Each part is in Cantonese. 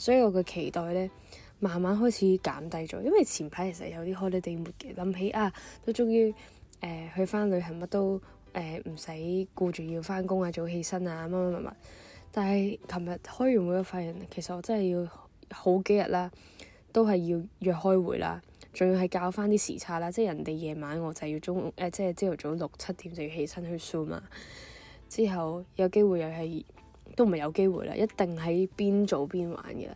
所以我嘅期待咧，慢慢開始減低咗，因為前排其實有啲 holiday 末嘅，諗起啊，都終於誒、呃、去翻旅行，乜都誒唔使顧住要翻工啊，早起身啊，乜乜乜乜。但係琴日開完會發現，其實我真係要好幾日啦，都係要約開會啦，仲要係校翻啲時差啦，即係人哋夜晚我就要中午、呃、即係朝頭早六七點就要起身去 s、啊、之後有機會又係。都唔係有機會啦，一定喺邊做邊玩嘅啦。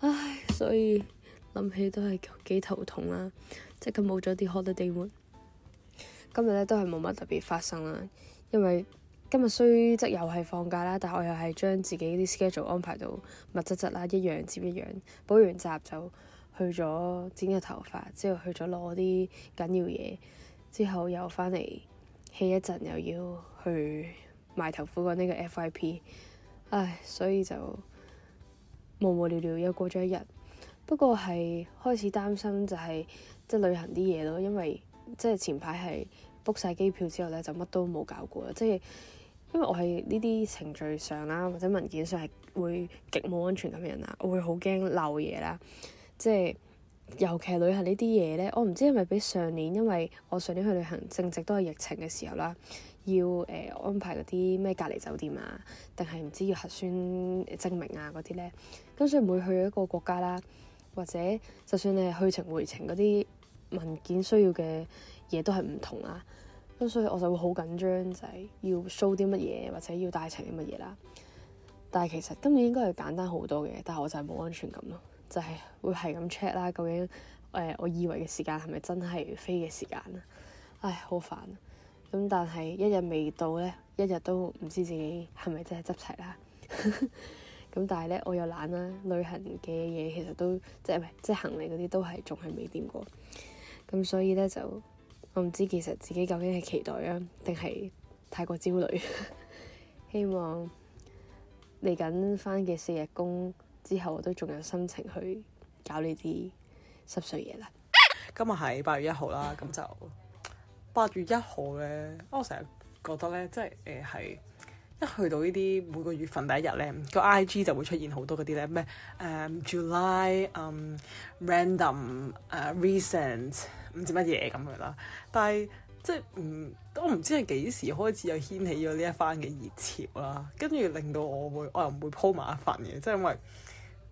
唉，所以諗起都係幾頭痛啦。即係佢冇咗啲 holiday。今日咧都係冇乜特別發生啦，因為今日雖則又係放假啦，但我又係將自己啲 schedule 安排到密質質啦，一樣接一樣補完習就去咗剪個頭髮，之後去咗攞啲緊要嘢，之後又翻嚟 hea 一陣，又要去埋頭苦幹呢個 FYP。唉，所以就無無聊聊又過咗一日，不過係開始擔心就係即係旅行啲嘢咯，因為即係、就是、前排係 book 晒機票之後咧就乜都冇搞過。即係、就是、因為我係呢啲程序上啦或者文件上係會極冇安全感嘅人啊，我會好驚漏嘢啦，即、就、係、是、尤其旅行呢啲嘢咧，我唔知係咪比上年，因為我上年去旅行正值都係疫情嘅時候啦。要誒、呃、安排嗰啲咩隔離酒店啊，定係唔知要核酸證明啊嗰啲呢？咁所以每去一個國家啦，或者就算你去程回程嗰啲文件需要嘅嘢都係唔同啦，咁所以我就會好緊張，就係要 show 啲乜嘢或者要帶齊啲乜嘢啦。但係其實今年應該係簡單好多嘅，但係我就係冇安全感咯，就係、係、會係咁 check 啦，究竟誒、呃、我以為嘅時間係咪真係飛嘅時間啊？唉，好煩啊。咁但係一日未到咧，一日都唔知自己係咪真係執齊啦。咁 但係咧，我又懶啦。旅行嘅嘢其實都即係唔係即係行李嗰啲都係仲係未掂過。咁所以咧就我唔知其實自己究竟係期待啊，定係太過焦慮。 希望嚟緊翻嘅四日工之後，我都仲有心情去搞呢啲濕碎嘢啦。今日係八月一號啦，咁就。八月一號咧，我成日覺得咧，即係誒係一去到呢啲每個月份第一日咧，個 IG 就會出現好多嗰啲咧咩誒 July um, random 誒、uh, recent 唔知乜嘢咁樣啦。但係即係唔我唔知係幾時開始又掀起咗呢一番嘅熱潮啦，跟住令到我會我又唔會 po 埋一份嘅，即係因為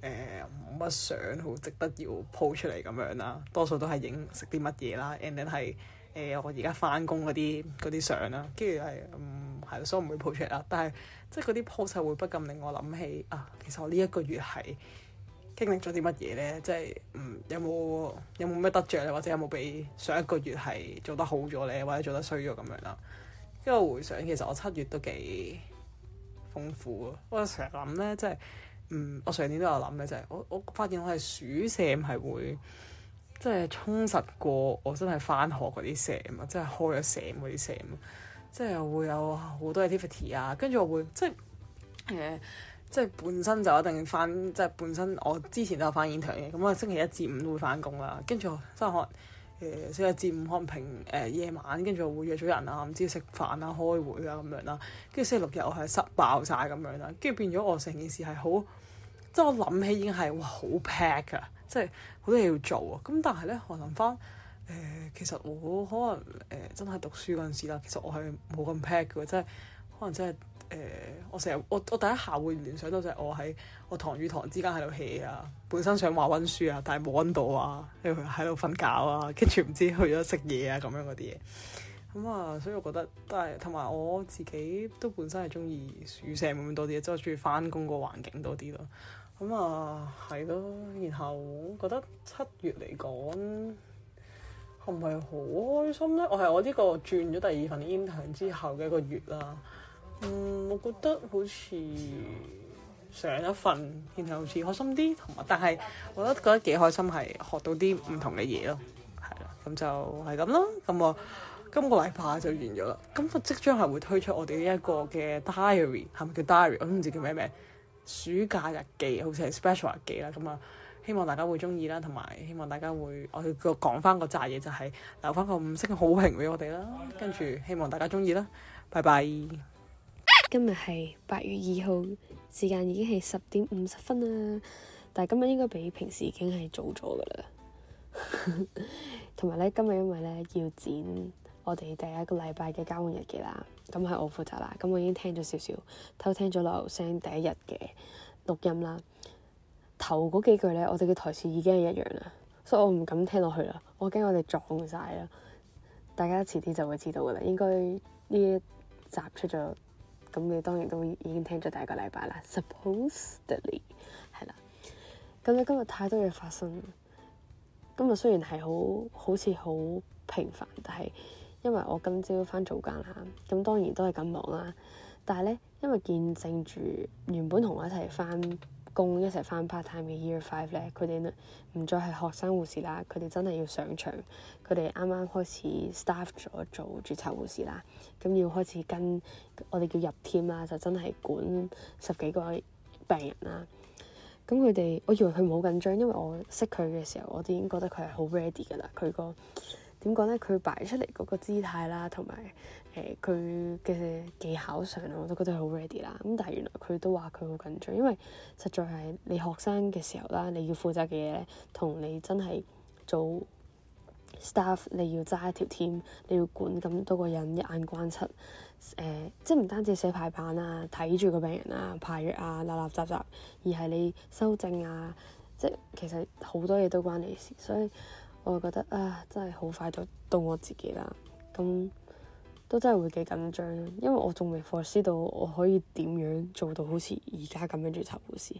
誒冇乜相好值得要 po 出嚟咁樣啦。多數都係影食啲乜嘢啦 and then 係。誒、呃、我而家翻工嗰啲啲相啦，跟住係嗯係，所以唔會 po 出嚟啦。但係即係嗰啲 po 就會不禁令我諗起啊，其實我呢一個月係經歷咗啲乜嘢咧？即係嗯有冇有冇咩得着咧？或者有冇比上一個月係做得好咗咧？或者做得衰咗咁樣啦？因為回想其實我七月都幾豐富咯。我成日諗咧，即係嗯我上年都有諗嘅，就係、是、我我發現我係鼠舍唔係會。即係充實過我真係翻學嗰啲 semester，即係開咗 semester，即係會有好多 activity 啊。跟住我會即係誒，即係、呃、本身就一定翻，即係本身我之前都有翻 intern 嘅。咁我星期一至五都會翻工啦。跟住即翻學誒，星、呃、期一至五可能平誒、呃、夜晚。跟住我會約咗人啊，唔知食飯啊、開會啊咁樣啦、啊。跟住星期六日我係塞爆晒咁樣啦、啊。跟住變咗我成件事係好，即係我諗起已經係哇好 pack 噶、啊。即係好多嘢要做啊！咁但係咧，我諗翻誒，其實我可能誒、呃、真係讀書嗰陣時啦，其實我係冇咁 pack 嘅，即係可能真係誒、呃，我成日我我第一下會聯想到就係我喺我堂與堂之間喺度起啊，本身想話温書啊，但係冇温到啊，喺度瞓覺啊，跟住唔知去咗食嘢啊咁樣嗰啲嘢。咁、嗯、啊，所以我覺得都係同埋我自己都本身係中意書寫咁樣多啲，即係我中意翻工個環境多啲咯。咁啊，係咯、嗯，然後覺得七月嚟講，係唔係好開心咧？我係我呢個轉咗第二份 intern 之後嘅一個月啦。嗯，我覺得好似上一份 intern 好似開心啲，同埋但係，我覺得覺得幾開心，係學到啲唔同嘅嘢咯。係啦，咁就係咁咯。咁、嗯、啊，今個禮拜就完咗啦。今個即將係會推出我哋呢一個嘅 diary，係咪叫 diary？我都唔知叫咩名。暑假日記，好似係 special 日記啦。咁、嗯、啊，希望大家會中意啦，同埋希望大家會，我哋講翻個扎嘢就係、是、留翻個五星好評俾我哋啦。跟住希望大家中意啦，拜拜。今日係八月二號，時間已經係十點五十分啦。但係今日應該比平時已經係早咗噶啦。同埋咧，今日因為咧要剪。我哋第一個禮拜嘅交換日記啦，咁係我負責啦。咁我已經聽咗少少，偷聽咗劉聲第一日嘅錄音啦。頭嗰幾句咧，我哋嘅台詞已經係一樣啦，所以我唔敢聽落去啦。我驚我哋撞晒啦。大家遲啲就會知道噶啦。應該呢一集出咗，咁你當然都已經聽咗第一個禮拜啦。Supposedly 係啦。咁就今日太多嘢發生。今日雖然係好好似好平凡，但係。因為我今朝翻早間啦，咁當然都係咁忙啦。但係咧，因為見證住原本同我一齊翻工、一齊翻 part time 嘅 year five 咧，佢哋咧唔再係學生護士啦，佢哋真係要上場。佢哋啱啱開始 staff 咗做註冊護士啦，咁要開始跟我哋叫入 team 啦，就真係管十幾個病人啦。咁佢哋，我以為佢冇緊張，因為我識佢嘅時候，我哋已經覺得佢係好 ready 㗎啦，佢個，點講咧？佢擺出嚟嗰個姿態啦，同埋誒佢嘅技巧上，我都覺得好 ready 啦。咁但係原來佢都話佢好緊張，因為實在係你學生嘅時候啦，你要負責嘅嘢，同你真係做 staff，你要揸一條 team，你要管咁多個人一眼關七，誒，即係唔單止寫排版啊，睇住個病人啊，排藥啊，立立雜雜，而係你修正啊，即係其實好多嘢都關你事，所以。我就覺得啊，真係好快就到，到我自己啦，咁都真係會幾緊張，因為我仲未駛師到，我可以點樣做到好似而家咁樣註冊護士？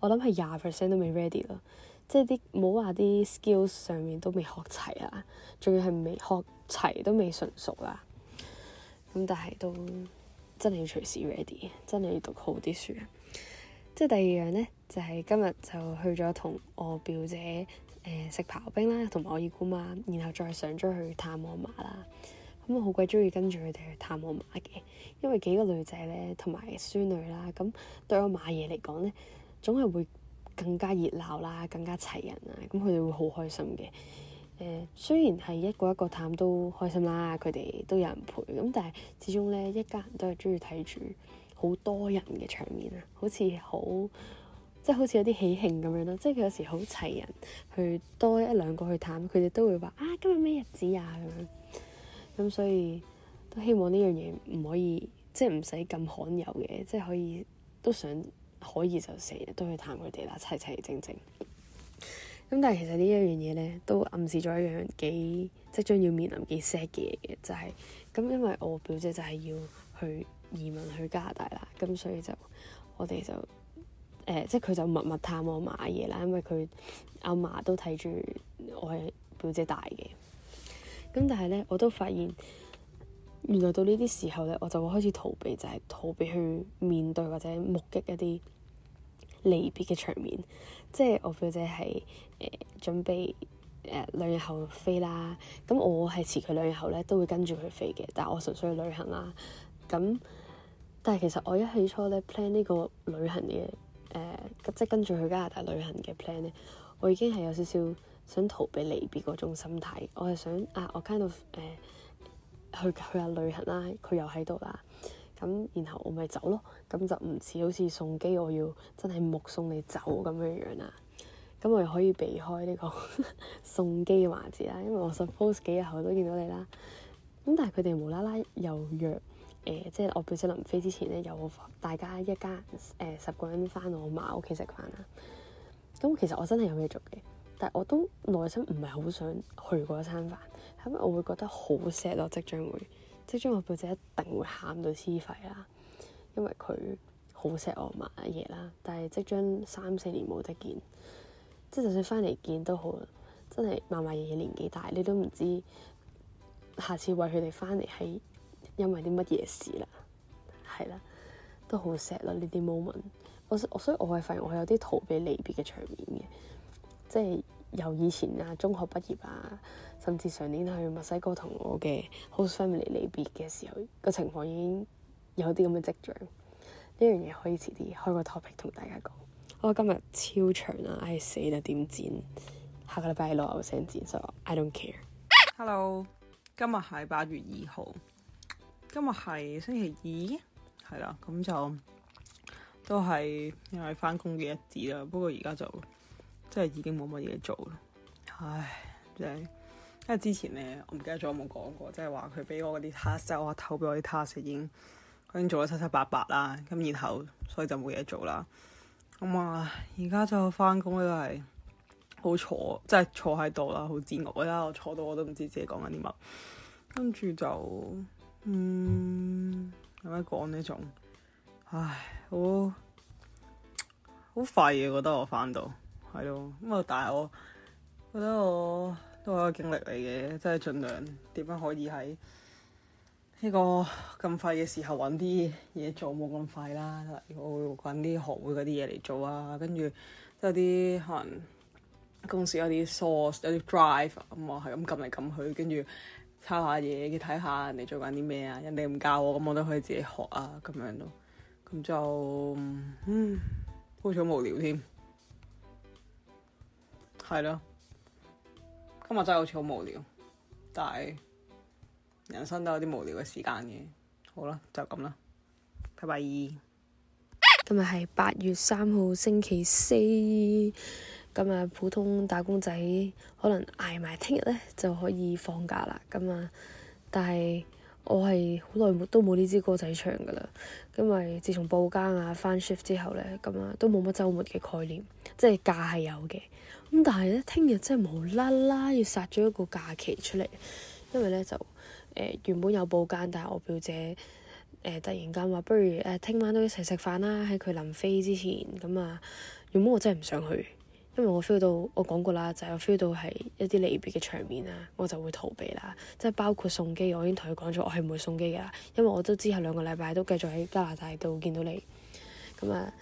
我諗係廿 percent 都未 ready 啦，即係啲唔好話啲 skills 上面都未學齊啦，仲要係未學齊都未純熟啦。咁但係都真係要隨時 ready，真係要讀好啲書。即係第二樣呢，就係今日就去咗同我表姐。誒食、呃、刨冰啦，同埋我二姑媽，然後再上咗去探我嫲啦。咁、嗯、我好鬼中意跟住佢哋去探我嫲嘅，因為幾個女仔咧同埋孫女啦，咁對我嫲爺嚟講咧，總係會更加熱鬧啦，更加齊人啊，咁佢哋會好開心嘅。誒、呃，雖然係一個一個探都開心啦，佢哋都有人陪，咁但係始終咧，一家人都係中意睇住好多人嘅場面啊，好似好～即係好似有啲喜慶咁樣咯，即係佢有時好齊人去多一兩個去探，佢哋都會話啊今日咩日子啊咁樣。咁所以都希望呢樣嘢唔可以，即係唔使咁罕有嘅，即係可以都想可以就成日都去探佢哋啦，齊齊整整。咁但係其實呢一樣嘢咧，都暗示咗一樣幾即將要面臨幾 sad 嘅嘢嘅，就係咁，因為我表姐就係要去移民去加拿大啦，咁所以就我哋就。誒、呃，即係佢就默默探我阿嫲嘅嘢啦，因為佢阿嫲都睇住我係表姐大嘅。咁但係咧，我都發現原來到呢啲時候咧，我就會開始逃避，就係、是、逃避去面對或者目擊一啲離別嘅場面。即係我表姐係誒、呃、準備誒兩日後飛啦。咁我係遲佢兩日後咧都會跟住佢飛嘅，但係我純粹去旅行啦。咁但係其實我一起初咧 plan 呢個旅行嘅。誒，即係跟住去加拿大旅行嘅 plan 咧，我已經係有少少想逃避離別嗰種心態。我係想啊，我 kind of 誒去去下旅行啦，佢又喺度啦，咁然後我咪走咯。咁就唔似好似送機，我要真係目送你走咁樣樣啦。咁我又可以避開呢個送機嘅環節啦，因為我 suppose 幾日後都見到你啦。咁但係佢哋無啦啦又約。誒、呃，即係我表姐臨飛之前咧，有大家一家誒十、呃、個人翻我阿嫲屋企食飯啦。咁、嗯、其實我真係有嘢做嘅，但係我都內心唔係好想去嗰一餐飯，係咪我會覺得好 sad 咯？即將會，即將我表姐一定會喊到黐肺啦，因為佢好錫我阿嫲阿爺啦。但係即將三四年冇得見，即係就算翻嚟見都好，真係嫲嫲爺爺年紀大，你都唔知下次為佢哋翻嚟係。因為啲乜嘢事啦，係啦，都好 sad 咯呢啲 moment。我所以我係發現我有啲逃避離別嘅場面嘅，即係由以前啊中學畢業啊，甚至上年去墨西哥同我嘅 host family 離別嘅時候，個情況已經有啲咁嘅跡象。呢樣嘢可以遲啲開個 topic 同大家講。我今日超長啦、啊，唉、啊啊、死啦，點剪？下個禮拜六我想剪，所以我 I don't care。Hello，今日係八月二號。今日係星期二，係啦，咁就都係因為翻工嘅日子啦。不過而家就即係已經冇乜嘢做啦，唉，真係。因為之前咧，我唔記得咗有冇講過，即係話佢俾我嗰啲 task，即係投俾我啲 task 已經已經做咗七七八八啦。咁然後所以就冇嘢做啦。咁、嗯、啊，而家就翻工咧都係好坐，即係坐喺度啦，好煎熬啦。我坐到我都唔知自己講緊啲乜，跟住就。嗯，點樣講呢種？唉，我好廢嘅，覺得我翻到係咯。咁啊，但係我覺得我都係一個經歷嚟嘅，即係盡量點樣可以喺呢個咁廢嘅時候搵啲嘢做，冇咁廢啦。我搵啲學會嗰啲嘢嚟做啊，跟住即有啲可能公司有啲 source，有啲 drive 咁啊，係咁撳嚟撳去，跟住。抄下嘢，嘅睇下人哋做緊啲咩啊，人哋唔教我，咁我都可以自己學啊，咁樣咯，咁就，嗯，好似好無聊添，係咯，今日真係好似好無聊，但係人生都有啲無聊嘅時間嘅，好啦，就咁啦，拜拜。今日係八月三號星期四。咁啊，普通打工仔可能捱埋，聽日咧就可以放假啦。咁啊，但係我係好耐都冇呢支歌仔唱噶啦，因為自從報更啊返 shift 之後咧，咁啊都冇乜週末嘅概念，即係假係有嘅。咁但係咧，聽日真係無啦啦要殺咗一個假期出嚟，因為咧就誒、呃、原本有報更，但係我表姐誒、呃、突然間話不如誒聽、呃、晚都一齊食飯啦，喺佢臨飛之前咁啊，原本我真係唔想去。因為我 feel 到，我講過啦，就係、是、我 feel 到係一啲離別嘅場面啦，我就會逃避啦。即係包括送機，我已經同佢講咗，我係唔會送機㗎。因為我都之後兩個禮拜都繼續喺加拿大度見到你。咁啊，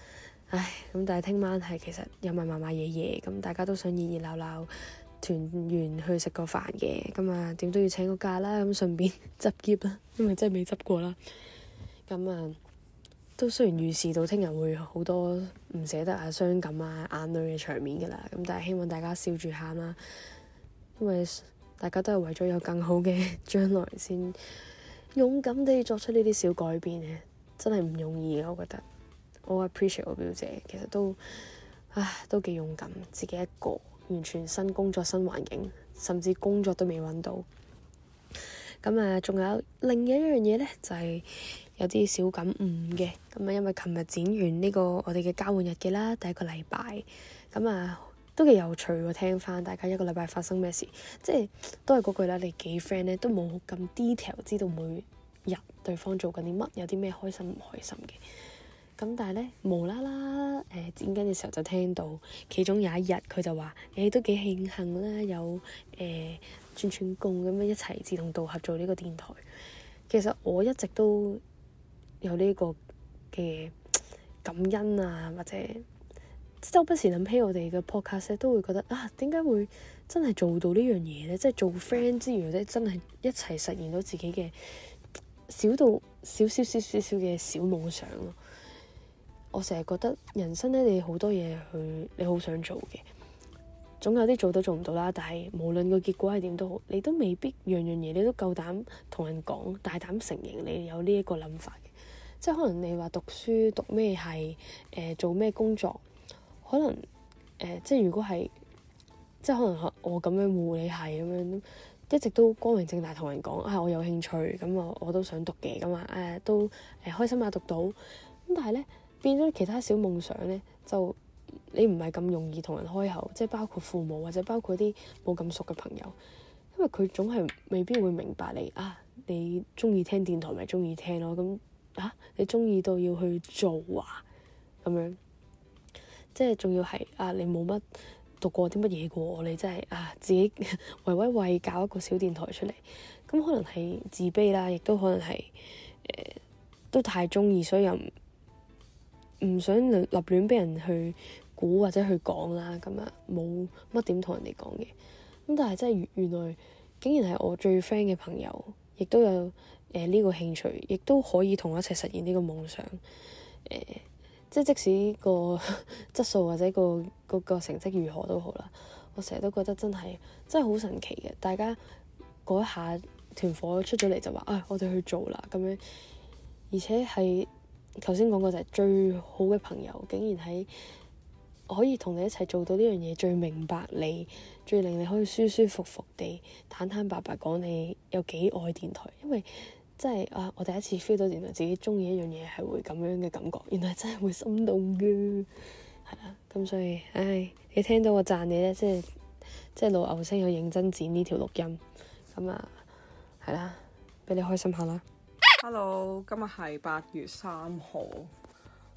唉，咁但係聽晚係其實有埋嫲嫲爺爺，咁大家都想熱熱鬧鬧團圓去食個飯嘅。咁啊，點都要請個假啦，咁順便執喼啦，因為真係未執過啦。咁啊～都雖然預示到聽日會好多唔捨得啊、傷感啊、眼淚嘅場面噶啦，咁但係希望大家笑住喊啦，因為大家都係為咗有更好嘅將來先勇敢地作出呢啲小改變嘅，真係唔容易嘅，我覺得。我 appreciate 我表姐，其實都唉都幾勇敢，自己一個，完全新工作、新環境，甚至工作都未揾到。咁啊，仲有另一樣嘢呢，就係、是。有啲小感悟嘅，咁啊，因為琴日剪完呢個我哋嘅交換日記啦，第一個禮拜，咁啊都幾有趣喎，聽翻大家一個禮拜發生咩事，即係都係嗰句啦，你幾 friend 咧都冇咁 detail 知道每日對方做緊啲乜，有啲咩開心唔開心嘅，咁但係咧無啦啦誒剪緊嘅時候就聽到其中有一日佢就話，誒、欸、都幾慶幸啦，有誒串串供咁樣一齊志同道合做呢個電台，其實我一直都～有呢個嘅感恩啊，或者周不時諗起我哋嘅 podcast 都會覺得啊，點解會真係做到呢樣嘢呢？即係做 friend 之餘咧，或者真係一齊實現到自己嘅少到少少少少少嘅小夢想咯、啊。我成日覺得人生咧，你好多嘢去，你好想做嘅，總有啲做都做唔到啦。但係無論個結果係點都好，你都未必樣樣嘢你都夠膽同人講，大膽承認你有呢一個諗法嘅。即係可能你話讀書讀咩係誒、呃、做咩工作，可能誒、呃、即係如果係即係可能我咁樣護理係咁樣，一直都光明正大同人講啊，我有興趣咁、嗯、我我都想讀嘅咁、嗯、啊誒都誒、呃、開心啊讀到咁，但係咧變咗其他小夢想咧，就你唔係咁容易同人開口，即係包括父母或者包括啲冇咁熟嘅朋友，因為佢總係未必會明白你啊。你中意聽電台咪中意聽咯咁。嗯嚇、啊！你中意到要去做啊？咁樣，即係仲要係啊！你冇乜讀過啲乜嘢嘅，你真係啊自己呵呵唯唯畏搞一個小電台出嚟，咁可能係自卑啦，亦都可能係誒、呃、都太中意，所以又唔想立亂俾人去估或者去講啦，咁啊冇乜點同人哋講嘅，咁但係真係原來竟然係我最 friend 嘅朋友，亦都有。誒呢、呃這個興趣，亦都可以同我一齊實現呢個夢想。即、呃、即使、那個呵呵質素或者、那個嗰、那個成績如何都好啦。我成日都覺得真係真係好神奇嘅。大家嗰一下團火出咗嚟就話，啊、哎，我哋去做啦咁樣。而且係頭先講過就係、是、最好嘅朋友，竟然喺可以同你一齊做到呢樣嘢，最明白你，最令你可以舒舒服服地坦坦白白講你有幾愛電台，因為。即係啊！我第一次 feel 到原來自己中意一樣嘢係會咁樣嘅感覺，原來真係會心動嘅。係啦、啊。咁所以，唉，你聽到我讚你咧，即係即係老牛聲有認真剪呢條錄音，咁啊，係啦、啊，俾你開心下啦。Hello，今日係八月三號，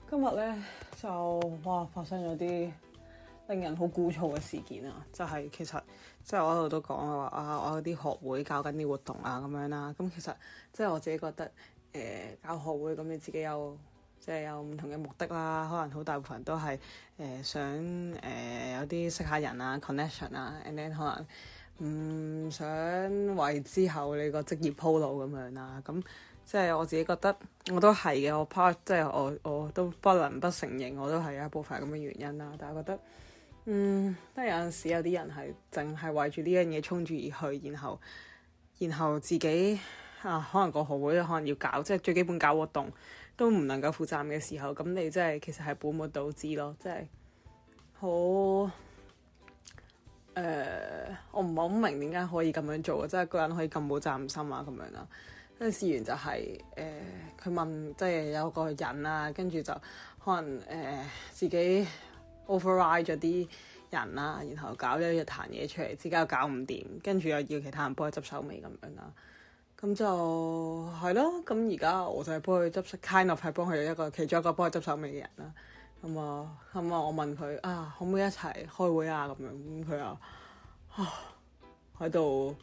今日咧就哇發生咗啲令人好枯燥嘅事件啊，就係、是、其實。即係我喺度都講啊，話啊，我有啲學會搞緊啲活動啊，咁樣啦。咁、嗯、其實即係我自己覺得，誒、呃，搞學會咁、嗯、你自己有即係有唔同嘅目的啦。可能好大部分人都係誒、呃、想誒、呃、有啲識下人啊，connection 啊，and then 可能唔、嗯、想為之後你個職業鋪路咁樣啦。咁、嗯、即係我自己覺得我都係嘅，我 part 即係我我都不能不承認，我都係有一部分咁嘅原因啦、啊。但係我覺得。嗯，都係有陣時有啲人係淨係為住呢樣嘢衝住而去，然後然後自己啊，可能個學會可能要搞，即係最基本搞活動都唔能夠負責任嘅時候，咁你即係其實係本末倒置咯，即係好誒，我唔係好明點解可以咁樣做啊，即係個人可以咁冇責任心啊咁樣啊，跟住試完就係、是、誒，佢、呃、問即係有個人啊，跟住就可能誒、呃、自己。override 咗啲人啦、啊，然後搞咗一壇嘢出嚟，之間又搞唔掂，跟住又要其他人幫佢執手尾咁樣啦。咁就係咯。咁而家我就係幫佢執，kind of 係幫佢一個其中一個幫佢執手尾嘅人啦。咁啊，咁、嗯、啊、嗯嗯，我問佢啊，可唔可以一齊開會啊？咁樣咁佢啊，啊喺度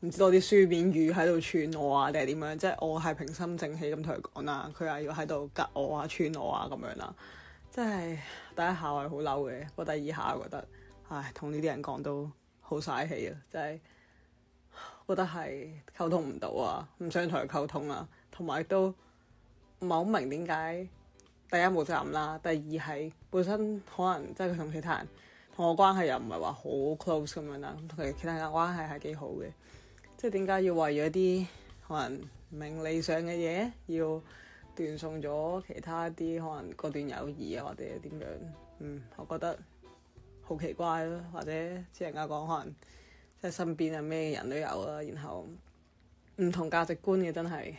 唔知道啲書面語喺度串我啊，定係點樣？即係我係平心靜氣咁同佢講啦，佢又要喺度夾我啊、串我啊咁樣啦。真係第一下我係好嬲嘅，不過我第二下覺得，唉，同呢啲人講都好嘥氣啊！真係覺得係溝通唔到啊，唔想同佢溝通啊，同埋都唔係好明點解第一冇責任啦，第二係本身可能即係佢同其他人同我關係又唔係話好 close 咁樣啦，同其他人關係係幾好嘅，即係點解要為咗啲可能名利上嘅嘢要？斷送咗其他啲可能嗰段友誼啊，或者點樣？嗯，我覺得好奇怪咯、啊。或者，即係人家講，可能即係身邊有咩人都有啦、啊。然後，唔同價值觀嘅真係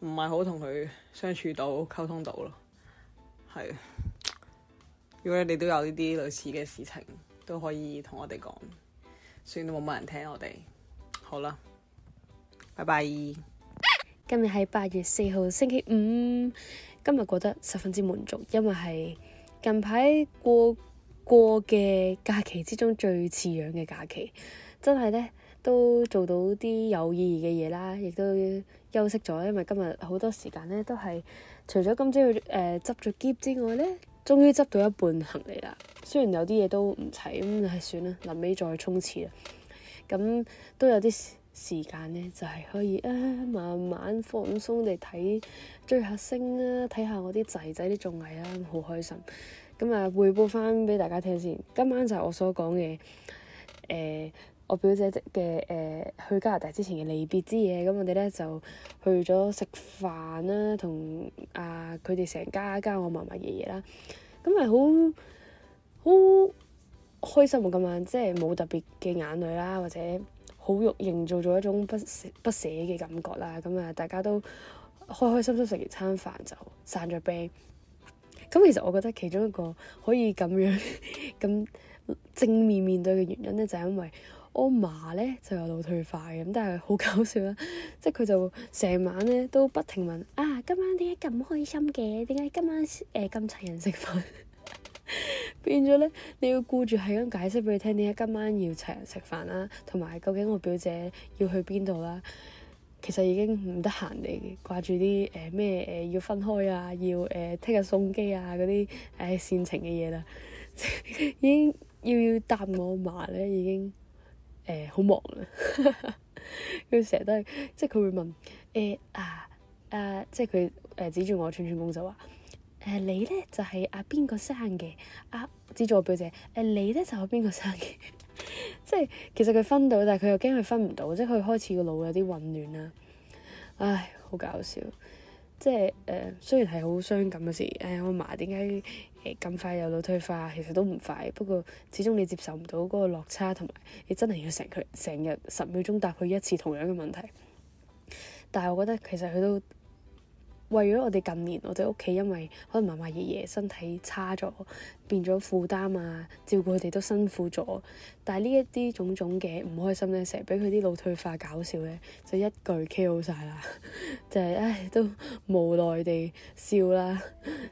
唔係好同佢相處到、溝通到咯。係。如果你哋都有呢啲類似嘅事情，都可以同我哋講，算然冇乜人聽我哋。好啦，拜拜。今日係八月四號，星期五。今日過得十分之滿足，因為係近排過過嘅假期之中最似樣嘅假期。真係呢，都做到啲有意義嘅嘢啦，亦都休息咗。因為今日好多時間呢，都係除咗今朝去誒執咗篋之外呢，終於執到一半行李啦。雖然有啲嘢都唔齊，咁就算啦，臨尾再衝刺啦。咁都有啲。時間咧就係、是、可以啊，慢慢放鬆地睇追下星啦，睇下我啲仔仔啲綜藝啦，好、啊、開心。咁啊，彙報翻俾大家聽先，今晚就係我所講嘅誒，我表姐嘅誒、呃、去加拿大之前嘅離別之夜。咁我哋咧就去咗食飯啦、啊，同啊佢哋成家加我嫲嫲爺爺啦。咁係好好開心咁，今晚即係冇特別嘅眼淚啦，或者～好肉營造咗一種不捨不捨嘅感覺啦，咁、嗯、啊大家都開開心心食完餐飯就散咗 band 咁，其實我覺得其中一個可以咁樣咁、 嗯、正面面對嘅原因咧，就係、是、因為我嫲咧就有腦退化嘅，咁但係好搞笑啦，即係佢就成晚咧都不停問啊，今晚點解咁開心嘅？點解今晚誒咁齊人食飯？ 變咗咧，你要顧住係咁解釋俾佢聽，點解今晚要齊人食飯啦？同埋究竟我表姐要去邊度啦？其實已經唔得閒嚟掛住啲誒咩誒要分開啊，要誒聽日送機啊嗰啲誒煽情嘅嘢啦， 已經要要答我阿媽咧，已經誒好、呃、忙啦。佢成日都係，即係佢會問誒、欸、啊誒、啊，即係佢誒指住我串串工就話。誒、啊、你咧就係阿邊個生嘅？阿知咗我表姐誒、啊、你咧就係、是、邊、啊、個生嘅？ 即係其實佢分到，但係佢又驚佢分唔到，即係佢開始個腦有啲混亂啦、啊。唉，好搞笑！即係誒、呃，雖然係好傷感嘅事。誒、哎，我阿嫲點解咁快有腦退化？其實都唔快，不過始終你接受唔到嗰個落差，同埋你真係要成佢成日十秒鐘答佢一次同樣嘅問題。但係我覺得其實佢都～為咗我哋近年，我哋屋企因為可能嫲嫲爺爺身體差咗，變咗負擔啊，照顧佢哋都辛苦咗。但係呢一啲種種嘅唔開心咧，成日俾佢啲腦退化搞笑咧，就一句 K 好晒啦， 就係、是、唉都無奈地笑啦，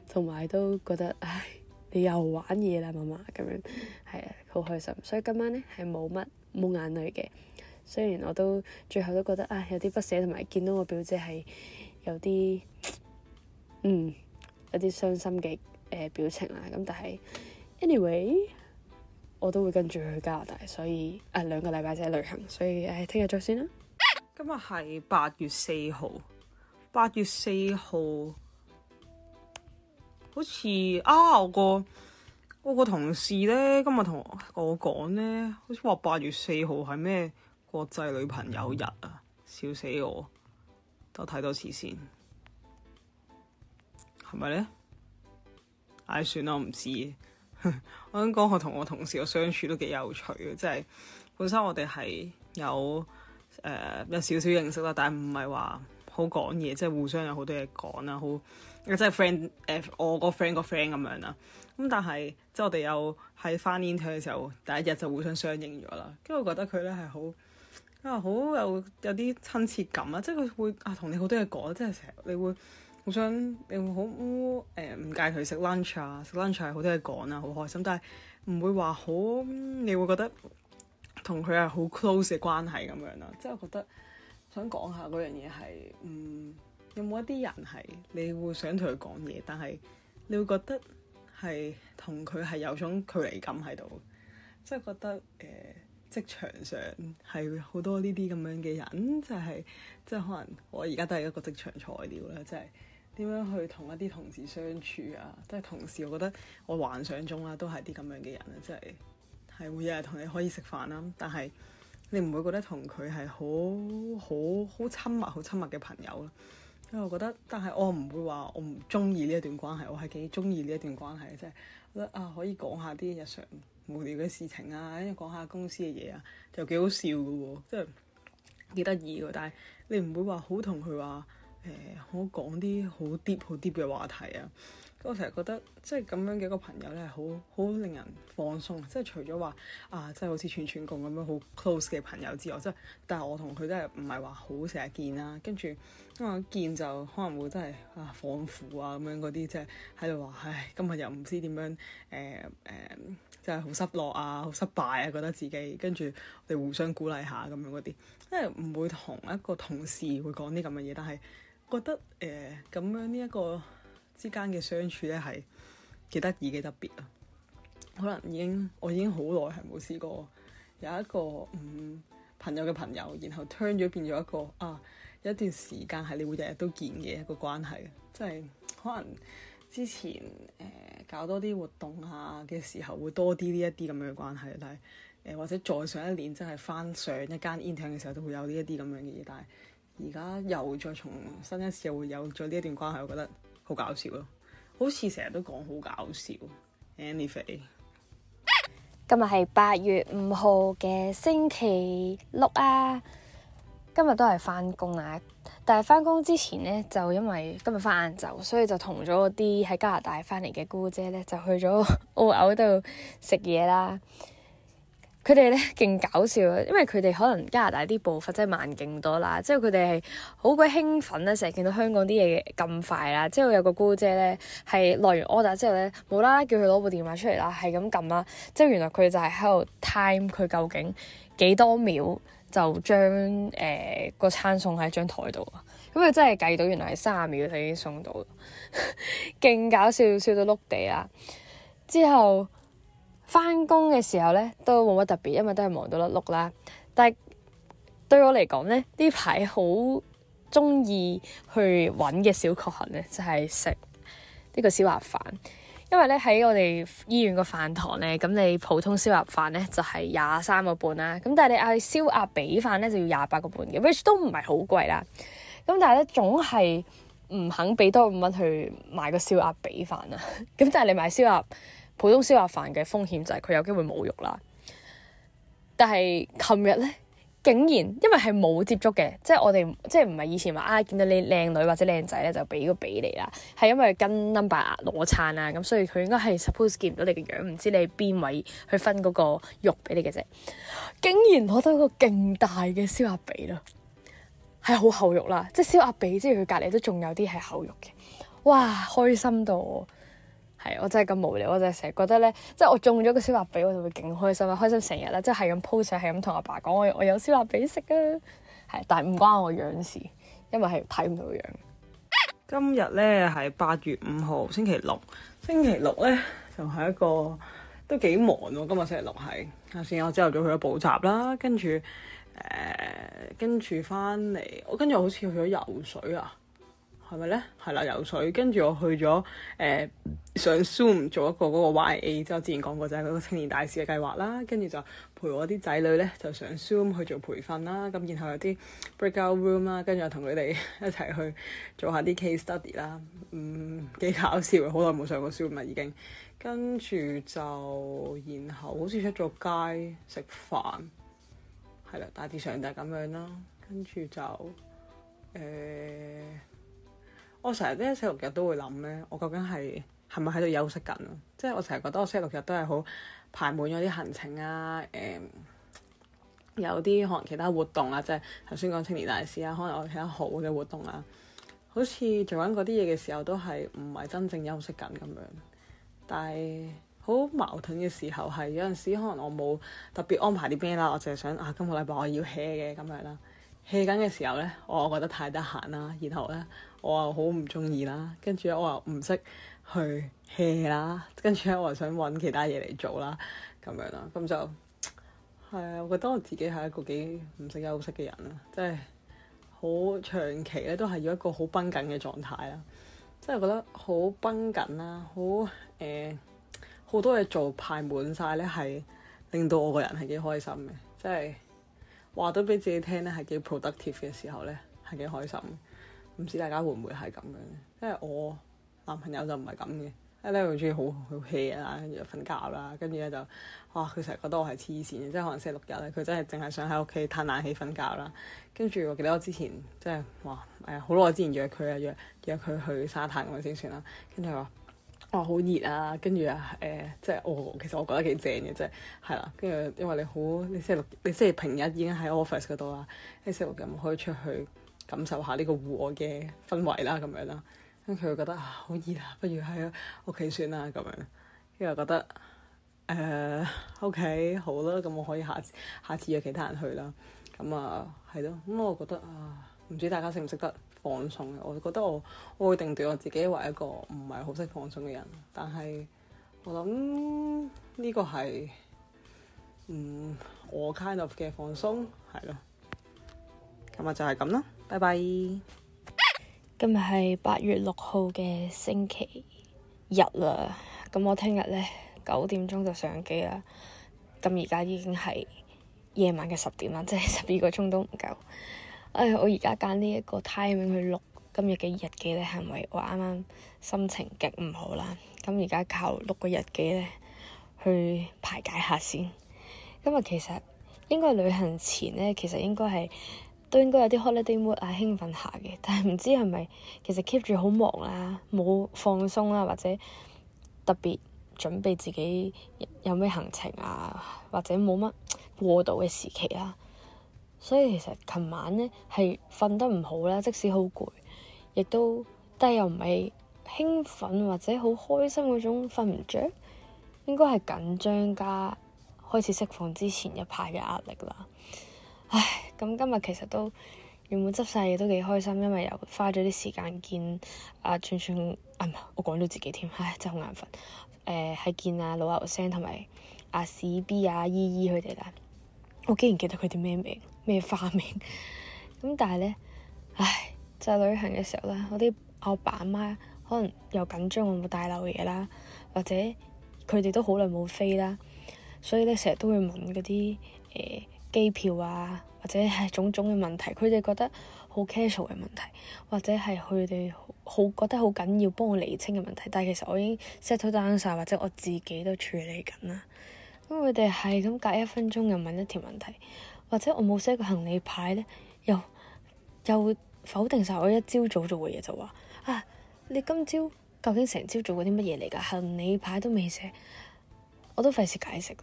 同埋都覺得唉，你又玩嘢啦嫲嫲咁樣，係啊，好開心。所以今晚咧係冇乜冇眼淚嘅，雖然我都最後都覺得唉，有啲不捨，同埋見到我表姐係。有啲嗯，有啲傷心嘅誒、呃、表情啦，咁但係 anyway 我都會跟住去加拿大，所以啊兩個禮拜仔旅行，所以誒聽日再先啦。今日係八月四號，八月四號好似啊我個我個同事咧，今日同我講咧，好似話八月四號係咩國際女朋友日啊，笑死我！我睇多次先，係咪咧？唉、哎，算啦，我唔知 我剛剛我。我諗剛學同我同事嘅相處都幾有趣嘅，即係本身我哋係有誒、呃、有少少認識啦，但係唔係話好講嘢，即係互相有好多嘢講啦，好即係 friend 誒、呃、我個 friend 個 friend 咁樣啦。咁但係即係我哋又喺返 inter 嘅時候，第一日就互相相應咗啦。跟住我覺得佢咧係好。啊，好有有啲親切感啊！即係佢會啊，同你好多嘢講，即係成日你會好想，你會好誒唔介意佢食 lunch 啊，食 lunch 係好多嘢講啊，好開心，但係唔會話好，你會覺得同佢係好 close 嘅關係咁樣啦。即係我覺得想講下嗰樣嘢係，嗯，有冇一啲人係你會想同佢講嘢，但係你會覺得係同佢係有種距離感喺度，即係覺得誒。呃職場上係好多呢啲咁樣嘅人，就係即係可能我而家都係一個職場材料啦，即係點樣去同一啲同事相處啊？即係同事，我覺得我幻想中啦，都係啲咁樣嘅人啊，即係係會有人同你可以食飯啦，但係你唔會覺得同佢係好好好親密好親密嘅朋友。因為我覺得，但係我唔會話我唔中意呢一段關係，我係幾中意呢一段關係，即係覺得啊，可以講下啲日常。無聊嘅事情啊，跟住講下公司嘅嘢啊，就幾好笑㗎喎，啊，即係幾得意㗎。但係你唔會話好同佢話誒，好講啲好 deep、好 deep 嘅話題啊。我成日覺得即係咁樣嘅一個朋友咧，好好令人放鬆。即係除咗話啊，即係好似串串共咁樣好 close 嘅朋友之外，即係但係我同佢真係唔係話好成日見啦。跟住因為見就可能會真係啊放負啊咁樣嗰啲，即係喺度話唉，今日又唔知點樣誒誒，即係好失落啊，好失敗啊，覺得自己跟住我哋互相鼓勵下咁樣嗰啲，即係唔會同一個同事會講啲咁嘅嘢。但係覺得誒呃咁樣呢一個，之間嘅相處咧係幾得意幾特別啊！可能已經我已經好耐係冇試過有一個嗯朋友嘅朋友，然後 turn 咗變咗一個啊，有一段時間係你會日日都見嘅一個關係，即係可能之前誒、呃、搞多啲活動啊嘅時候會多啲呢一啲咁樣嘅關係，但係誒、呃、或者再上一年真係翻上一間 intern 嘅時候都會有呢一啲咁樣嘅嘢，但係而家又再重新一次又會有咗呢一段關係，我覺得。好搞笑咯，好似成日都講好搞笑。Annie 肥。Anyway，今日係八月五號嘅星期六啊，今日都係翻工啊，但係翻工之前呢，就因為今日翻晏晝，所以就同咗啲喺加拿大翻嚟嘅姑姐呢，就去咗澳牛度食嘢啦。佢哋咧勁搞笑啊，因為佢哋可能加拿大啲步伐真係慢勁多啦，即係佢哋係好鬼興奮啦，成日見到香港啲嘢咁快啦，即係有個姑姐咧係落完 order 之後咧，冇啦啦叫佢攞部電話出嚟啦，係咁撳啦，即係原來佢就係喺度 time 佢究竟幾多秒就將誒個餐送喺張台度啊，咁佢真係計到原來係卅秒佢已經送到，勁搞笑，笑到碌地啦，之後。翻工嘅時候咧，都冇乜特別，因為都係忙到甩碌啦。但對我嚟講咧，呢排好中意去搵嘅小確幸咧，就係食呢個燒鴨飯。因為咧喺我哋醫院個飯堂咧，咁你普通燒鴨飯咧就係廿三個半啦。咁但係你嗌燒鴨髀飯咧就要廿八個半嘅，which 都唔係好貴啦。咁但係咧總係唔肯俾多五蚊去買個燒鴨髀飯啊。咁 但係你買燒鴨。普通燒鴨飯嘅風險就係佢有機會冇肉啦，但係琴日咧竟然，因為係冇接觸嘅，即係我哋即係唔係以前話啊見到你靚女或者靚仔咧就俾個俾你啦，係因為跟 number 攞餐啊咁，啊所以佢應該係 suppose 見唔到你嘅樣，唔知你邊位去分嗰個肉俾你嘅啫，竟然攞到一個勁大嘅燒鴨髀啦，係好厚肉啦，即係燒鴨髀，即係佢隔離都仲有啲係厚肉嘅，哇，開心到～係，我真係咁無聊，我就成日覺得咧，即係我中咗個燒臘髀，我就會勁開心啦，開心成日啦，即係咁 po 係咁同阿爸講，我我有燒臘髀食啊，係，但係唔關我樣事，因為係睇唔到樣。今呢日咧係八月五號，星期六，星期六咧就係、是、一個都幾忙喎、啊。今日星期六係，首先我朝頭早去咗補習啦，跟住誒、呃、跟住翻嚟，我跟住好似去咗游水啊。係咪咧？係啦，游水，跟住我去咗誒上、呃、Zoom 做一個嗰個 YA，即 我之前講過就係嗰個青年大使嘅計劃啦。跟住就陪我啲仔女咧，就上 Zoom 去做培訓啦。咁然後有啲 breakout room 啦，跟住又同佢哋一齊去做下啲 case study 啦。嗯，幾搞笑，好耐冇上過 Zoom 啦已經。跟住就然後好似出咗街食飯，係啦，大致上就係咁樣啦。跟住就誒。呃我成日咧星期六日都會諗咧，我究竟係係咪喺度休息緊啊？即係我成日覺得我星期六日都係好排滿咗啲行程啊，誒、嗯，有啲可能其他活動啊，即係頭先講青年大使啊，可能我其他好嘅活動啊，好似做緊嗰啲嘢嘅時候都係唔係真正休息緊咁樣？但係好矛盾嘅時候係有陣時可能我冇特別安排啲咩啦，我淨係想啊，今個禮拜我要 hea 嘅咁樣啦。hea 緊嘅時候咧，我又覺得太得閒啦，然後咧我又好唔鍾意啦，跟住我又唔識去 hea 啦，跟住咧我又想搵其他嘢嚟做啦，咁樣啦，咁就係啊，我覺得我自己係一個幾唔識休息嘅人啊，即係好長期咧都係要一個好崩緊嘅狀態啦，即係覺得好崩緊啦，好誒好多嘢做排滿晒咧，係令到我個人係幾開心嘅，即係。話得俾自己聽咧，係幾 productive 嘅時候咧，係幾開心。唔知大家會唔會係咁樣？因為我男朋友就唔係咁嘅，咧好中意好好 hea 啦，跟住瞓覺啦，跟住咧就哇，佢成日覺得我係黐線，即係可能星期六日咧，佢真係淨係想喺屋企攤冷氣瞓覺啦。跟住我記得我之前即係哇，誒好耐之前約佢啊約約佢去沙灘咁樣先算啦，跟住話。哇！好、哦、熱啊，跟住啊，誒、呃，即係哦，其實我覺得幾正嘅，即係係啦。跟住因為你好，你星期六、你星期平日已經喺 office 嗰度啦，你星期六咁可以出去感受下呢個戶外嘅氛圍啦，咁樣啦，咁佢會覺得啊，好熱啊，不如喺屋企算啦咁樣。因為覺得誒，屋、呃、企、okay，好啦，咁我可以下次下次約其他人去啦。咁啊，係咯。咁我覺得啊，唔知大家識唔識得？放鬆嘅，我覺得我我會定奪我自己為一個唔係好識放鬆嘅人，但係我諗呢、嗯呢個係嗯我 kind of 嘅放鬆係咯，今日就係咁啦，拜拜。今日係八月六號嘅星期日啦，咁我聽日咧九點鐘就上機啦，咁而家已經係夜晚嘅十點啦，即係十二個鐘都唔夠。哎，我而家揀呢一個 timing 去錄今日嘅日記咧，係咪我啱啱心情極唔好啦？咁而家靠錄個日記咧去排解下先。今日其實應該旅行前咧，其實應該係都應該有啲 holiday mood 啊，興奮下嘅。但係唔知係咪其實 keep 住好忙啦、啊，冇放鬆啦、啊，或者特別準備自己有咩行程啊，或者冇乜過渡嘅時期啦、啊。所以其實琴晚咧係瞓得唔好啦，即使好攰，亦都，但又唔係興奮或者好開心嗰種瞓唔着，應該係緊張加開始釋放之前一排嘅壓力啦。唉，咁今日其實都原本執晒嘢都幾開心，因為又花咗啲時間見阿串串，唔、啊、係、啊、我講咗自己添，唉，真係好眼瞓。誒、呃、係見啊老牛聲同埋阿史 B 啊姨姨佢哋啦，我竟然記得佢哋咩名。咩花名？咁？ 但係咧，唉，就係旅行嘅時候咧，我啲我爸阿媽可能又緊張我冇帶漏嘢啦，或者佢哋都好耐冇飛啦，所以咧成日都會問嗰啲誒機票啊，或者係種種嘅問題。佢哋覺得好 casual 嘅問題，或者係佢哋好覺得好緊要幫我釐清嘅問題。但係其實我已經 set 咗 down 曬，或者我自己都處理緊啦。咁佢哋係咁隔一分鐘又問一條問題。或者我冇寫過行李牌咧，又又否定晒我一朝早做嘅嘢，就話啊，你今朝究竟成朝做過啲乜嘢嚟？噶行李牌都未寫，我都費事解釋。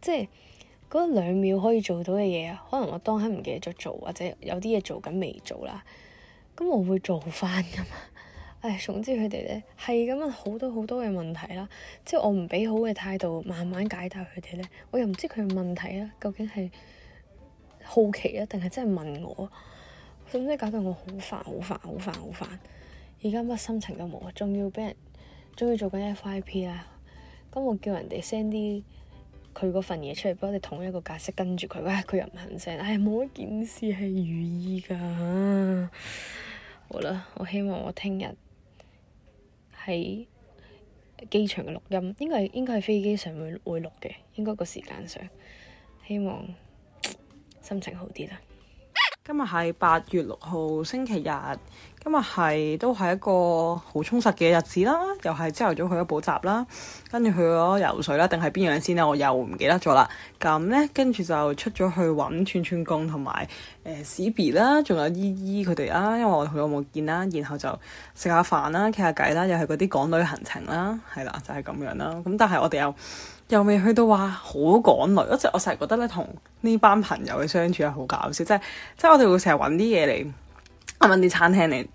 即係嗰兩秒可以做到嘅嘢啊，可能我當刻唔記得咗做，或者有啲嘢做緊未做啦。咁我會做翻噶嘛。唉、 哎，總之佢哋咧係咁樣好多好多嘅問題啦。即係我唔俾好嘅態度，慢慢解答佢哋咧。我又唔知佢嘅問題啦，究竟係。好奇啊，定係真係問我？總之搞到我好煩，煩，煩，煩，煩，好煩，好煩，好煩！而家乜心情都冇啊，仲要俾人仲要做緊 FYP 啦。咁我叫人哋 send 啲佢嗰份嘢出嚟，俾我哋統一個格式跟住佢。哇、啊，佢又唔肯 send。唉、哎，冇一件事係如意㗎。好啦，我希望我聽日喺機場嘅錄音，應該係應該係飛機上面會錄嘅，應該個時間上希望。心情好啲啦！今日係八月六號星期日，今日係都係一個好充實嘅日子啦，又係朝頭早去咗補習啦，跟住去咗游水啦，定係邊樣先啦？我又唔記得咗啦。咁呢，跟住就出咗去搵串串工同埋誒屎別啦，仲有姨姨佢哋啦，因為我同佢冇見啦，然後就食下飯啦，傾下偈啦，又係嗰啲港女行程啦，係啦，就係、是、咁樣啦。咁但係我哋又。又未去到話好趕來，即係我成日覺得咧，同呢班朋友嘅相處係好搞笑，即係即係我哋會成日揾啲嘢嚟我揾啲餐廳嚟。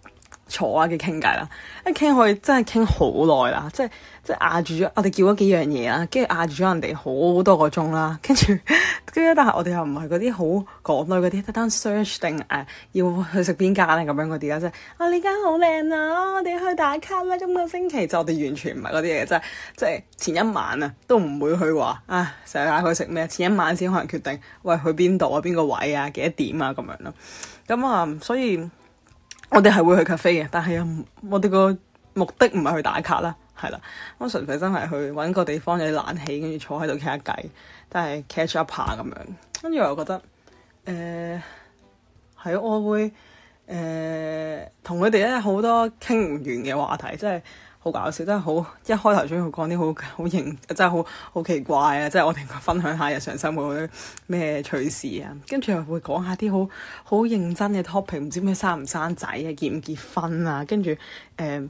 坐下嘅傾偈啦，一傾可以真係傾好耐啦，即係即係壓住咗，我哋叫咗幾樣嘢啦，跟住壓住咗人哋好多個鐘啦，跟住跟住，但係我哋又唔係嗰啲好港女嗰啲，特登 search 定誒要去食邊間啊咁樣嗰啲啦，即係啊呢間好靚啊，我哋去打卡啦，今個星期就我哋完全唔係嗰啲嘢，即係即係前一晚啊都唔會去話啊成日嗌佢食咩，前一晚先可能決定喂去邊度啊邊個位啊幾多點啊咁樣咯，咁啊所以。我哋係會去 cafe 嘅，但係啊，我哋個目的唔係去打卡啦，係啦，我純粹真係去搵個地方有啲冷氣，跟住坐喺度傾下偈，但係 catch up 下咁樣。跟住我又覺得，誒、呃，喺我會誒同佢哋呢好多傾唔完嘅話題，即係。好搞笑，真係好一開頭中意講啲好好認，真係好好奇怪啊！即係我哋分享下日常生活啲咩趣事啊，跟住又會講下啲好好認真嘅 topic，唔知咩生唔生仔啊，結唔結婚啊，跟住誒，嗯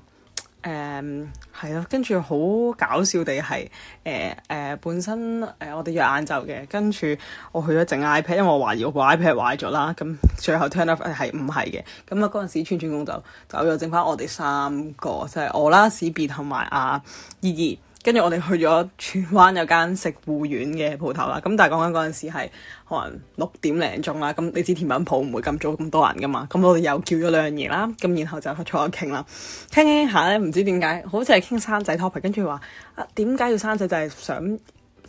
誒，係咯、um, 啊，跟住好搞笑地係，誒、呃、誒、呃、本身誒、呃、我哋約晏晝嘅，跟住我去咗整 iPad，因為我懷疑我個 iPad 壞咗啦，咁、嗯、最後 turn up 係唔係嘅，咁啊嗰陣時串串工就就又整翻我哋三個，就係、是、我啦、史 B 同埋阿二二。跟住我哋去咗荃灣有間食芋圓嘅鋪頭啦，咁但係講緊嗰陣時係可能六點零鐘啦，咁你知甜品鋪唔會咁早咁多人㗎嘛，咁我哋又叫咗兩樣嘢啦，咁然後就坐下傾啦，傾傾下咧，唔知點解，好似係傾生仔 topic，跟住話啊點解要生仔就係想。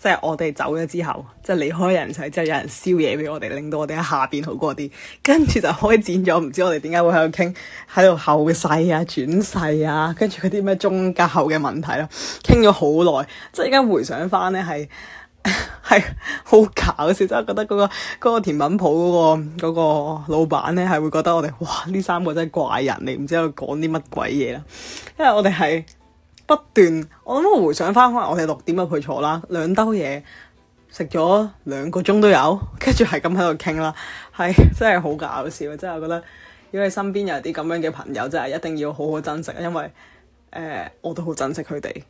即係我哋走咗之後，即係離開人世之後，即有人燒嘢畀我哋，令到我哋喺下邊好過啲。跟住就開展咗，唔知我哋點解會喺度傾，喺度後世啊、轉世啊，跟住嗰啲咩宗教嘅問題啦，傾咗好耐。即係而家回想翻呢，係係好搞笑，即係覺得嗰個嗰個甜品鋪嗰個嗰個老闆呢，係會覺得我哋哇呢三個真係怪人，你唔知喺度講啲乜鬼嘢啦。因為我哋係。不斷我諗我諗，回想翻開，我哋六點入去坐啦，兩兜嘢，食咗兩個鐘都有，跟住係咁喺度傾啦，係真係好搞笑。真係我覺得，如果你身邊有啲咁樣嘅朋友，真係一定要好好珍惜，因為誒、呃、我都好珍惜佢哋，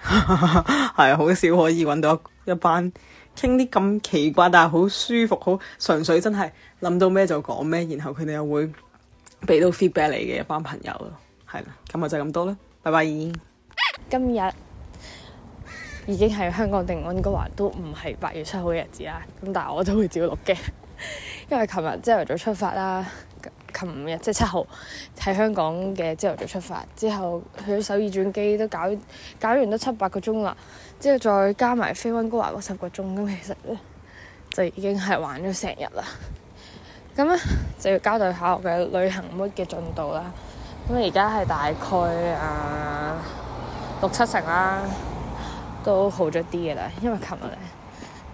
係 好少可以搵到一,一班傾啲咁奇怪，但係好舒服，好純粹，真係諗到咩就講咩，然後佢哋又會俾到 feedback 你嘅一班朋友，係啦，今日就咁多啦，拜拜。今日已經係香港定溫哥華都唔係八月七號嘅日子啦。咁但係我都會照錄嘅， 因為琴日朝頭早出發啦。琴日即係七號喺香港嘅朝頭早出發，之後去首爾轉機都搞搞完都七八個鐘啦。之後再加埋飛溫哥華嗰十個鐘，咁其實咧就已經係玩咗成日啦。咁咧就要交代下我嘅旅行乜嘅進度啦。咁而家係大概啊～六七成啦，都好咗啲嘅啦。因為琴日咧，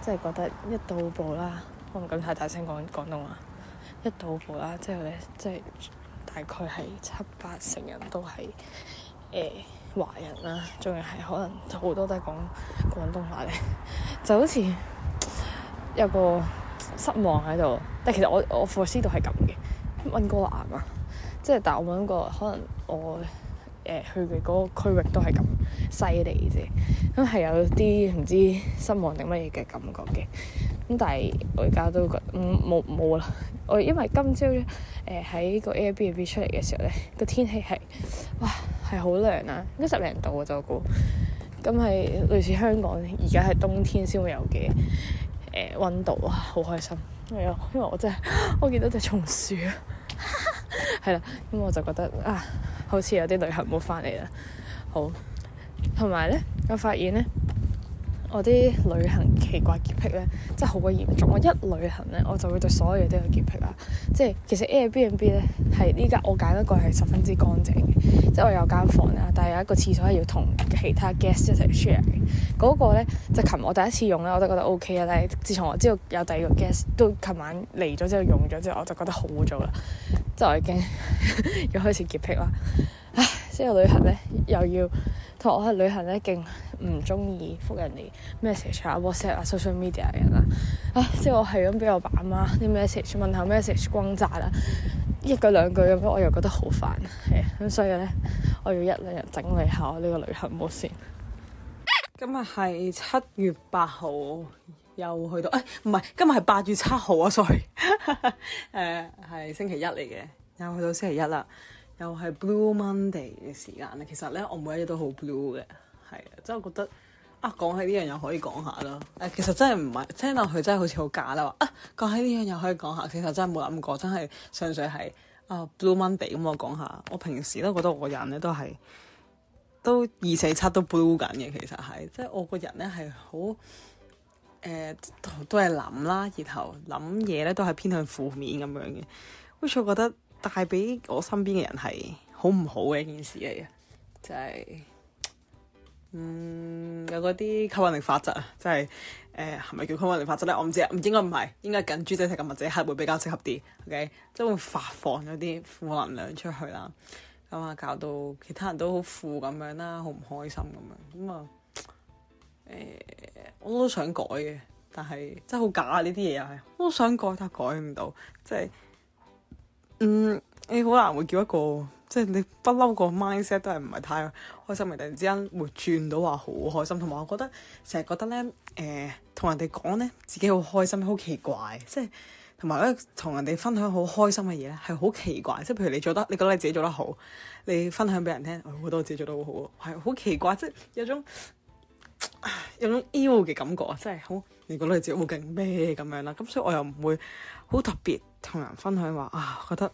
即係覺得一到步啦，我唔敢太大，大聲講廣東話。一到步啦之後咧，即係大概係七八成人都係誒、欸、華人啦，仲要係可能好多都係講廣東話咧。就好似有個失望喺度，但其實我我 forecast 到係咁嘅，温哥華嘛，啊，即係但我諗過可能我誒、欸、去嘅嗰個區域都係咁。犀利啫，咁係有啲唔知失望定乜嘢嘅感覺嘅，咁但係我而家都覺唔冇冇啦，我因為今朝誒喺個 Airbnb 出嚟嘅時候咧，個天氣係哇係好涼啊，應該十零度，啊，我就估，咁係類似香港而家係冬天先會有嘅誒溫度啊，好開心，係啊，因為我真係我見到隻松鼠，係 啦，咁我就覺得啊，好似有啲旅行冇翻嚟啦，好～同埋咧，我發現咧，我啲旅行奇怪潔癖咧，真係好鬼嚴重。我一旅行咧，我就會對所有嘢都有潔癖啦。即係其實 Airbnb 咧，係呢間我揀一個係十分之乾淨嘅，即係我有間房啊，但係有一個廁所係要同其他 guest 一齊 share 嘅。嗰、那個咧，就琴我第一次用咧，我都覺得 OK 啦。但係自從我知道有第二個 guest 都琴晚嚟咗之後用咗之後，我就覺得好污糟啦。即係我已經 要開始潔癖啦。唉，即係旅行咧又要～同我去旅行咧，勁唔中意覆人哋 message 啊、WhatsApp 啊、social media 嘅啦。啊，即係我係咁俾我爸阿媽啲 message，問下 message 轟炸啦，一句兩句咁樣，我又覺得好煩，係咁，所以咧，我要一兩日整理下我呢個旅行模式先。今日係七月八號，又去到誒，唔、哎、唔係，今日係八月七號啊，sorry。誒，係、 uh, 星期一嚟嘅，又去到星期一啦。又係 Blue Monday 嘅時間咧，其實咧我每一日都好 Blue 嘅，係啊，即係我覺得啊講起呢樣又可以講下啦。誒，其實真係唔係聽落去真係好似好假啦，話啊講起呢樣又可以講下，其實真係冇諗過，真係純粹係啊 Blue Monday 咁我講下。我平時都覺得我個人咧都係都二四七都 Blue 緊嘅，其實係即係我個人咧係好誒都係諗啦，然後諗嘢咧都係偏向負面咁樣嘅 which 我覺得。帶俾我身邊嘅人係好唔好嘅一件事嚟、啊、嘅，就係、是，嗯，有嗰啲吸引力法則啊，即、就、係、是，誒、呃，係咪叫吸引力法則咧？我唔知啊，應該唔係，應該緊豬仔睇緊或者係會比較適合啲，ok，即係會發放咗啲負能量出去啦，咁啊，搞到其他人都好負咁樣啦，好唔開心咁樣，咁啊，誒、呃，我都想改嘅，但係真係好假。呢啲嘢又係，我都想改，但改唔到，即、就、係、是。嗯，你好難會叫一個，即係你不嬲個 mindset 都係唔係太開心咪突然之間會轉到話好開心。同埋我覺得成日覺得咧，誒、呃、同人哋講咧自己好開心，好奇怪。即係同埋咧，同人哋分享好開心嘅嘢咧，係好奇怪。即係譬如你做得，你覺得你自己做得好，你分享俾人聽，我覺得我自己做得好好喎，係好奇怪，即係有種有種妖嘅感覺啊！即係好，你覺得你自己好勁咩咁樣啦？咁所以我又唔會好特別。同人分享話啊，覺得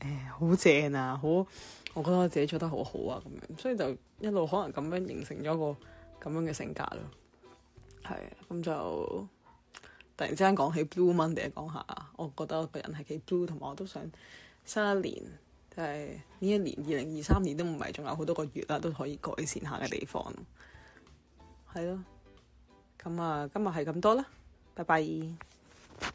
誒好正啊，好，我覺得我自己做得好好啊，咁樣，所以就一路可能咁樣形成咗個咁樣嘅性格咯。係，咁就突然之間講起 Blue Monday，講下，我覺得我個人係幾 Blue，同埋我都想新一年，就係、是、呢一年二零二三年都唔係仲有好多個月啦、啊，都可以改善下嘅地方。係咯，咁啊，今日係咁多啦，拜拜。